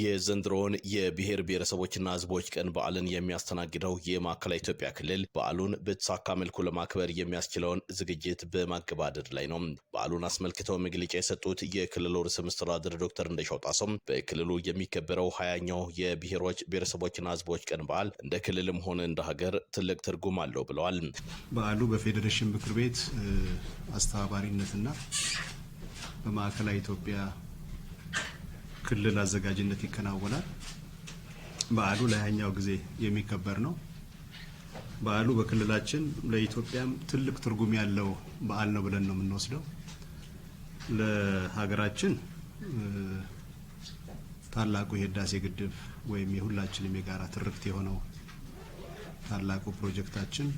የዘንድሮውን የብሔር ብሔረሰቦችና ህዝቦች ቀን በዓልን የሚያስተናግደው የማዕከላዊ ኢትዮጵያ ክልል በዓሉን በተሳካ መልኩ ለማክበር የሚያስችለውን ዝግጅት በማገባደድ ላይ ነው። በዓሉን አስመልክተው መግለጫ የሰጡት የክልሉ ርዕሰ መስተዳድር ዶክተር እንደሻው ጣሰው በክልሉ የሚከበረው ሀያኛው የብሔሮች ብሔረሰቦችና ህዝቦች ቀን በዓል እንደ ክልልም ሆነ እንደ ሀገር ትልቅ ትርጉም አለው ብለዋል። በዓሉ በፌዴሬሽን ምክር ቤት አስተባባሪነትና በማዕከላዊ ኢትዮጵያ ክልል አዘጋጅነት ይከናወናል። በዓሉ ለሀያኛው ጊዜ የሚከበር ነው። በዓሉ በክልላችን ለኢትዮጵያም ትልቅ ትርጉም ያለው በዓል ነው ብለን ነው የምንወስደው። ለሀገራችን ታላቁ የህዳሴ ግድብ ወይም የሁላችንም የጋራ ትርክት የሆነው ታላቁ ፕሮጀክታችን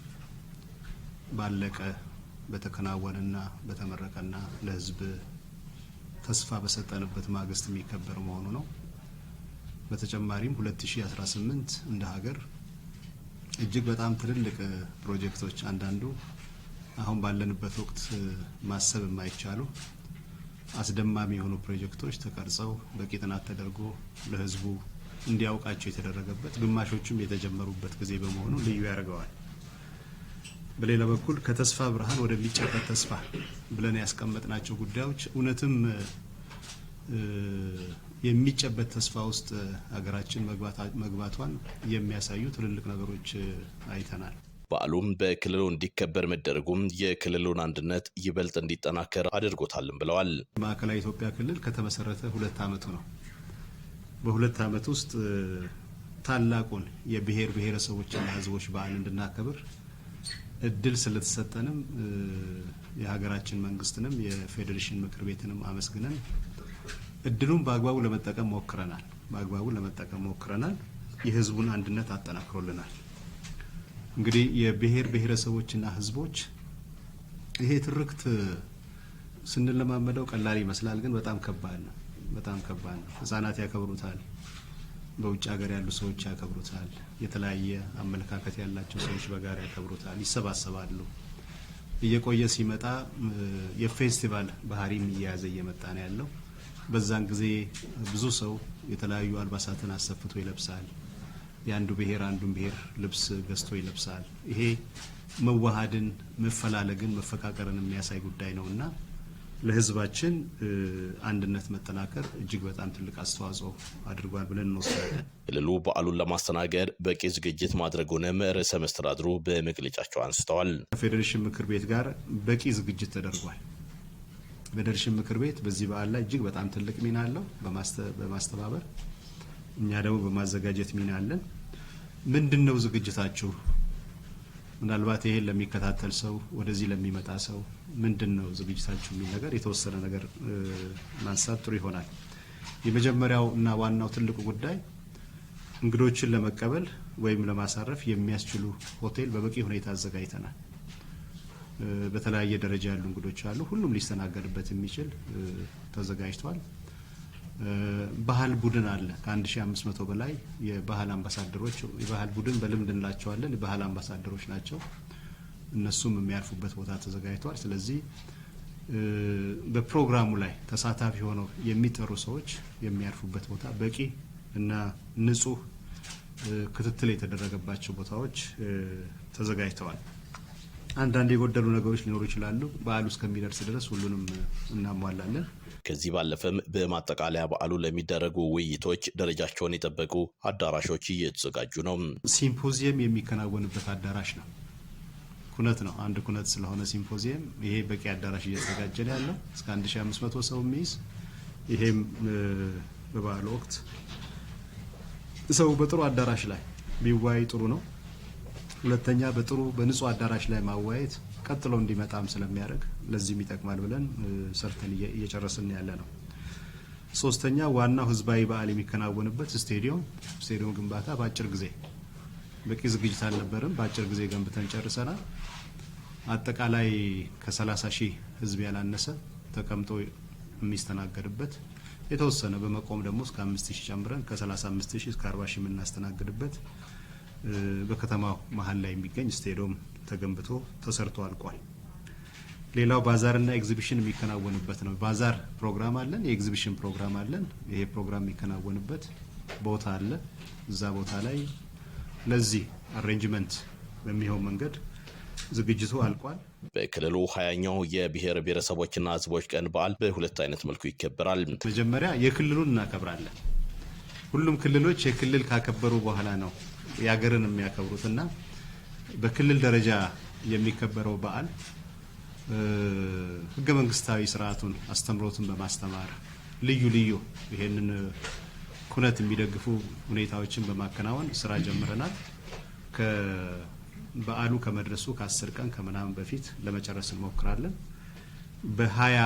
ባለቀ በተከናወነና በተመረቀና ለህዝብ ተስፋ በሰጠንበት ማግስት የሚከበር መሆኑ ነው። በተጨማሪም 2018 እንደ ሀገር እጅግ በጣም ትልልቅ ፕሮጀክቶች አንዳንዱ አሁን ባለንበት ወቅት ማሰብ የማይቻሉ አስደማሚ የሆኑ ፕሮጀክቶች ተቀርጸው በቂ ጥናት ተደርጎ ለሕዝቡ እንዲያውቃቸው የተደረገበት ግማሾቹም የተጀመሩበት ጊዜ በመሆኑ ልዩ ያደርገዋል። በሌላ በኩል ከተስፋ ብርሃን ወደሚጨበት ተስፋ ብለን ያስቀመጥናቸው ጉዳዮች እውነትም የሚጨበት ተስፋ ውስጥ ሀገራችን መግባቷን የሚያሳዩ ትልልቅ ነገሮች አይተናል። በዓሉም በክልሉ እንዲከበር መደረጉም የክልሉን አንድነት ይበልጥ እንዲጠናከር አድርጎታልም ብለዋል። ማዕከላዊ ኢትዮጵያ ክልል ከተመሰረተ ሁለት ዓመቱ ነው። በሁለት ዓመት ውስጥ ታላቁን የብሔር ብሔረሰቦችና ሕዝቦች በዓል እንድናከብር እድል ስለተሰጠንም የሀገራችን መንግስትንም የፌዴሬሽን ምክር ቤትንም አመስግነን እድሉን በአግባቡ ለመጠቀም ሞክረናል። በአግባቡ ለመጠቀም ሞክረናል። የህዝቡን አንድነት አጠናክሮልናል። እንግዲህ የብሔር ብሔረሰቦችና ህዝቦች ይሄ ትርክት ስንለማመደው ቀላል ይመስላል፣ ግን በጣም ከባድ ነው። በጣም ከባድ ነው። ህጻናት ያከብሩታል። በውጭ ሀገር ያሉ ሰዎች ያከብሩታል። የተለያየ አመለካከት ያላቸው ሰዎች በጋራ ያከብሩታል፣ ይሰባሰባሉ። እየቆየ ሲመጣ የፌስቲቫል ባህሪም እየያዘ እየመጣ ነው ያለው። በዛን ጊዜ ብዙ ሰው የተለያዩ አልባሳትን አሰፍቶ ይለብሳል። የአንዱ ብሔር አንዱን ብሔር ልብስ ገዝቶ ይለብሳል። ይሄ መዋሃድን፣ መፈላለግን፣ መፈቃቀርን የሚያሳይ ጉዳይ ነው እና ለህዝባችን አንድነት መጠናከር እጅግ በጣም ትልቅ አስተዋጽኦ አድርጓል ብለን እንወስዳለን። ክልሉ በዓሉን ለማስተናገድ በቂ ዝግጅት ማድረጉንም ርዕሰ መስተዳድሩ በመግለጫቸው አንስተዋል። ከፌዴሬሽን ምክር ቤት ጋር በቂ ዝግጅት ተደርጓል። ፌዴሬሽን ምክር ቤት በዚህ በዓል ላይ እጅግ በጣም ትልቅ ሚና አለው በማስተባበር እኛ ደግሞ በማዘጋጀት ሚና አለን። ምንድን ነው ዝግጅታችሁ ምናልባት ይሄን ለሚከታተል ሰው ወደዚህ ለሚመጣ ሰው ምንድን ነው ዝግጅታችሁ የሚል ነገር የተወሰነ ነገር ማንሳት ጥሩ ይሆናል። የመጀመሪያው እና ዋናው ትልቁ ጉዳይ እንግዶችን ለመቀበል ወይም ለማሳረፍ የሚያስችሉ ሆቴል በበቂ ሁኔታ አዘጋጅተናል። በተለያየ ደረጃ ያሉ እንግዶች አሉ። ሁሉም ሊስተናገድበት የሚችል ተዘጋጅቷል። ባህል ቡድን አለ። ከ1500 በላይ የባህል አምባሳደሮች የባህል ቡድን በልምድ እንላቸዋለን። የባህል አምባሳደሮች ናቸው። እነሱም የሚያርፉበት ቦታ ተዘጋጅቷል። ስለዚህ በፕሮግራሙ ላይ ተሳታፊ ሆነው የሚጠሩ ሰዎች የሚያርፉበት ቦታ በቂ እና ንጹህ ክትትል የተደረገባቸው ቦታዎች ተዘጋጅተዋል። አንዳንድ የጎደሉ ነገሮች ሊኖሩ ይችላሉ። በዓሉ እስከሚደርስ ድረስ ሁሉንም እናሟላለን። ከዚህ ባለፈም በማጠቃለያ በዓሉ ለሚደረጉ ውይይቶች ደረጃቸውን የጠበቁ አዳራሾች እየተዘጋጁ ነው። ሲምፖዚየም የሚከናወንበት አዳራሽ ነው። ኩነት ነው። አንድ ኩነት ስለሆነ ሲምፖዚየም ይሄ በቂ አዳራሽ እየተዘጋጀ ነው ያለው እስከ 1500 ሰው የሚይዝ ይሄም በበዓሉ ወቅት ሰው በጥሩ አዳራሽ ላይ ቢዋይ ጥሩ ነው። ሁለተኛ በጥሩ በንጹህ አዳራሽ ላይ ማወያየት ቀጥሎ እንዲመጣም ስለሚያደርግ ለዚህም ይጠቅማል ብለን ሰርተን እየጨረስን ያለ ነው። ሶስተኛ ዋናው ህዝባዊ በዓል የሚከናወንበት ስቴዲዮም ስቴዲዮም ግንባታ በአጭር ጊዜ በቂ ዝግጅት አልነበረም። በአጭር ጊዜ ገንብተን ጨርሰናል። አጠቃላይ ከ30 ሺህ ህዝብ ያላነሰ ተቀምጦ የሚስተናገድበት የተወሰነ በመቆም ደግሞ እስከ 5 ጨምረን ከ35 እስከ 40 የምናስተናግድበት በከተማው መሀል ላይ የሚገኝ ስቴዲየም ተገንብቶ ተሰርቶ አልቋል። ሌላው ባዛርና ኤግዚቢሽን የሚከናወንበት ነው። ባዛር ፕሮግራም አለን፣ የኤግዚቢሽን ፕሮግራም አለን። ይሄ ፕሮግራም የሚከናወንበት ቦታ አለ። እዛ ቦታ ላይ ለዚህ አሬንጅመንት በሚሆን መንገድ ዝግጅቱ አልቋል። በክልሉ ሀያኛው የብሔር ብሔረሰቦችና ህዝቦች ቀን በዓል በሁለት አይነት መልኩ ይከበራል። መጀመሪያ የክልሉን እናከብራለን። ሁሉም ክልሎች የክልል ካከበሩ በኋላ ነው የሀገርን የሚያከብሩትና በክልል ደረጃ የሚከበረው በዓል ህገ መንግስታዊ ስርዓቱን አስተምሮትን በማስተማር ልዩ ልዩ ይሄንን ኩነት የሚደግፉ ሁኔታዎችን በማከናወን ስራ ጀምረናል። በዓሉ ከመድረሱ ከአስር ቀን ከምናምን በፊት ለመጨረስ እንሞክራለን። በሀያ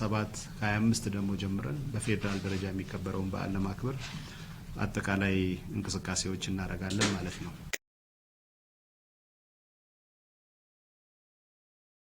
ሰባት ከሀያ አምስት ደግሞ ጀምረን በፌዴራል ደረጃ የሚከበረውን በዓል ለማክበር አጠቃላይ እንቅስቃሴዎች እናደርጋለን ማለት ነው።